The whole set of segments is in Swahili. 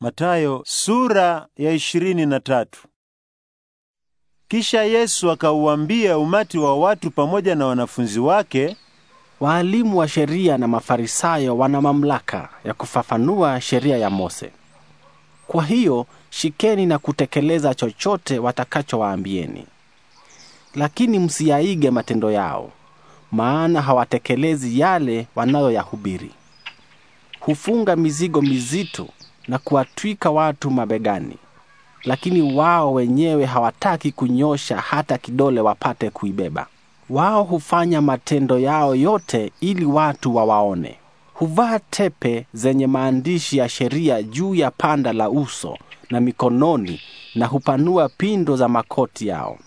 Matayo sura ya ishirini na tatu. Kisha Yesu akauambia umati wa watu pamoja na wanafunzi wake, waalimu wa sheria na Mafarisayo wana mamlaka ya kufafanua sheria ya Mose. Kwa hiyo shikeni na kutekeleza chochote watakachowaambieni, lakini msiyaige matendo yao, maana hawatekelezi yale wanayoyahubiri. Hufunga mizigo mizito na kuwatwika watu mabegani, lakini wao wenyewe hawataki kunyosha hata kidole wapate kuibeba. Wao hufanya matendo yao yote ili watu wawaone. Huvaa tepe zenye maandishi ya sheria juu ya panda la uso na mikononi, na hupanua pindo za makoti yao.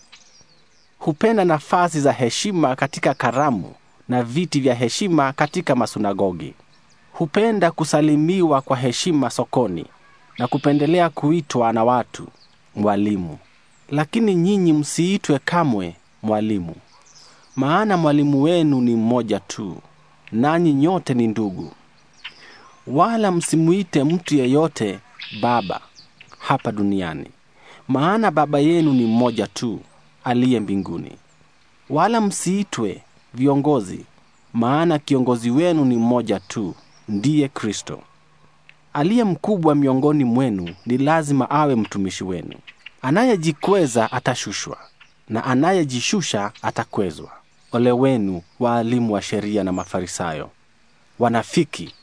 Hupenda nafasi za heshima katika karamu na viti vya heshima katika masunagogi hupenda kusalimiwa kwa heshima sokoni na kupendelea kuitwa na watu mwalimu. Lakini nyinyi msiitwe kamwe mwalimu, maana mwalimu wenu ni mmoja tu, nanyi nyote ni ndugu. Wala msimwite mtu yeyote baba hapa duniani, maana baba yenu ni mmoja tu aliye mbinguni. Wala msiitwe viongozi, maana kiongozi wenu ni mmoja tu ndiye Kristo. Aliye mkubwa miongoni mwenu ni lazima awe mtumishi wenu. Anayejikweza atashushwa na anayejishusha atakwezwa. Ole wenu waalimu wa sheria na Mafarisayo, wanafiki,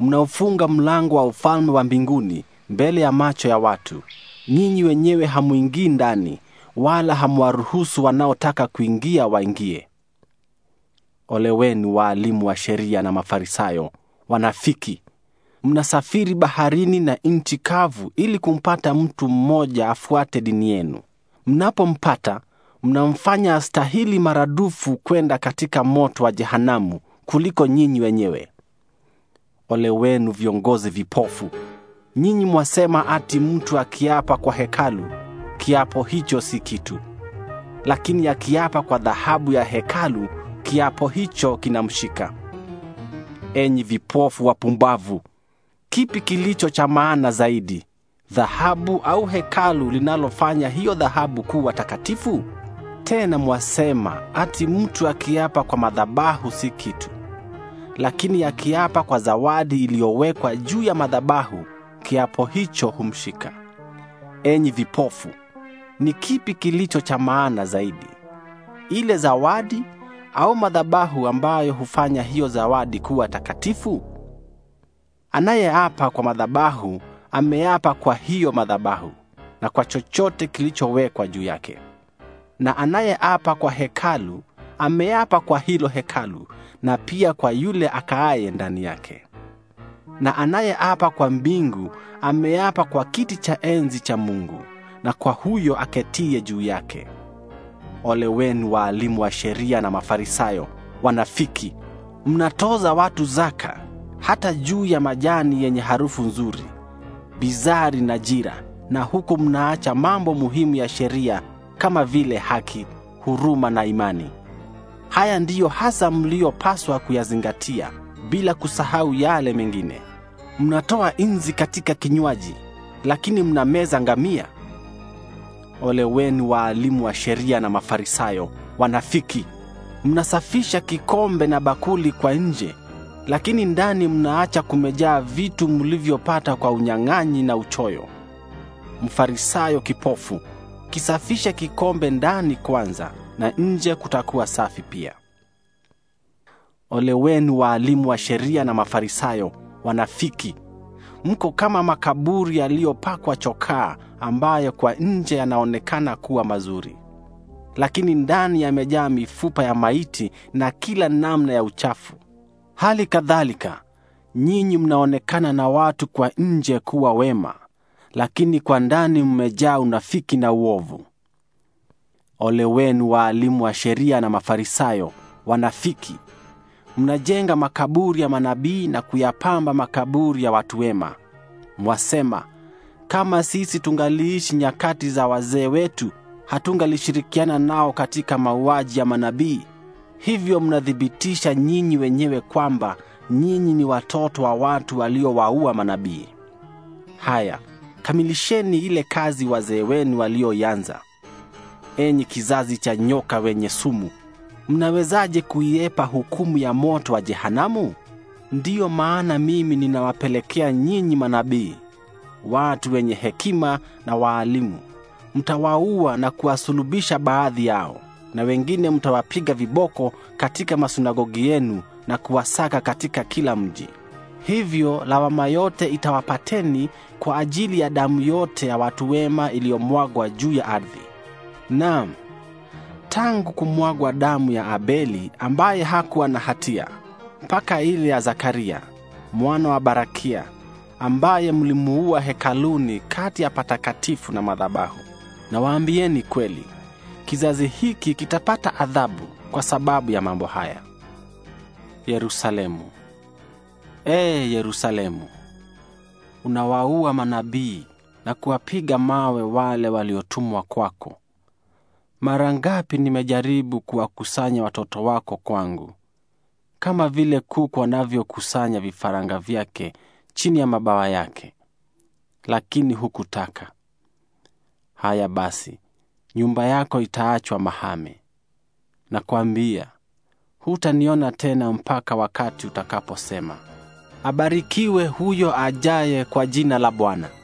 mnaofunga mlango wa ufalme wa mbinguni mbele ya macho ya watu. Nyinyi wenyewe hamwingii ndani, wala hamwaruhusu wanaotaka kuingia waingie. Ole wenu waalimu wa sheria na Mafarisayo, wanafiki. Mnasafiri baharini na nchi kavu ili kumpata mtu mmoja afuate dini yenu. Mnapompata, mnamfanya astahili maradufu kwenda katika moto wa jehanamu kuliko nyinyi wenyewe. Ole wenu viongozi vipofu! Nyinyi mwasema ati mtu akiapa kwa hekalu, kiapo hicho si kitu, lakini akiapa kwa dhahabu ya hekalu, kiapo hicho kinamshika enyi vipofu wapumbavu, kipi kilicho cha maana zaidi, dhahabu au hekalu linalofanya hiyo dhahabu kuwa takatifu? Tena mwasema ati mtu akiapa kwa madhabahu si kitu, lakini akiapa kwa zawadi iliyowekwa juu ya madhabahu, kiapo hicho humshika. Enyi vipofu, ni kipi kilicho cha maana zaidi, ile zawadi au madhabahu ambayo hufanya hiyo zawadi kuwa takatifu? Anayeapa kwa madhabahu ameapa kwa hiyo madhabahu na kwa chochote kilichowekwa juu yake. Na anayeapa kwa hekalu ameapa kwa hilo hekalu na pia kwa yule akaaye ndani yake. Na anayeapa kwa mbingu ameapa kwa kiti cha enzi cha Mungu na kwa huyo aketie juu yake. Ole wenu waalimu wa sheria na Mafarisayo, wanafiki! Mnatoza watu zaka hata juu ya majani yenye harufu nzuri, bizari na jira, na huku mnaacha mambo muhimu ya sheria kama vile haki, huruma na imani. Haya ndiyo hasa mliyopaswa kuyazingatia, bila kusahau yale mengine. Mnatoa inzi katika kinywaji, lakini mnameza ngamia. Ole wenu waalimu wa sheria na Mafarisayo, wanafiki! Mnasafisha kikombe na bakuli kwa nje, lakini ndani mnaacha kumejaa vitu mlivyopata kwa unyang'anyi na uchoyo. Mfarisayo kipofu, kisafishe kikombe ndani kwanza, na nje kutakuwa safi pia. Ole wenu waalimu wa sheria na Mafarisayo, wanafiki! mko kama makaburi yaliyopakwa chokaa ambayo kwa nje yanaonekana kuwa mazuri, lakini ndani yamejaa mifupa ya maiti na kila namna ya uchafu. Hali kadhalika nyinyi mnaonekana na watu kwa nje kuwa wema, lakini kwa ndani mmejaa unafiki na uovu. Ole wenu waalimu wa sheria na Mafarisayo, wanafiki! mnajenga makaburi ya manabii na kuyapamba makaburi ya watu wema. Mwasema, kama sisi tungaliishi nyakati za wazee wetu, hatungalishirikiana nao katika mauaji ya manabii. Hivyo mnathibitisha nyinyi wenyewe kwamba nyinyi ni watoto wa watu waliowaua manabii. Haya, kamilisheni ile kazi wazee wenu walioianza. Enyi kizazi cha nyoka wenye sumu, mnawezaje kuiepa hukumu ya moto wa jehanamu? Ndiyo maana mimi ninawapelekea nyinyi manabii, watu wenye hekima na waalimu. Mtawaua na kuwasulubisha baadhi yao, na wengine mtawapiga viboko katika masunagogi yenu na kuwasaka katika kila mji. Hivyo lawama yote itawapateni kwa ajili ya damu yote ya watu wema iliyomwagwa juu ya ardhi. Naam, tangu kumwagwa damu ya Abeli ambaye hakuwa na hatia mpaka ile ya Zakaria mwana wa Barakia ambaye mlimuua hekaluni kati ya patakatifu na madhabahu. nawaambieni kweli, kizazi hiki kitapata adhabu kwa sababu ya mambo haya. Yerusalemu, ee Yerusalemu, unawaua manabii na kuwapiga mawe wale waliotumwa kwako mara ngapi nimejaribu kuwakusanya watoto wako kwangu, kama vile kuku anavyokusanya vifaranga vyake chini ya mabawa yake, lakini hukutaka. Haya basi, nyumba yako itaachwa mahame. Nakwambia, hutaniona tena mpaka wakati utakaposema, abarikiwe huyo ajaye kwa jina la Bwana.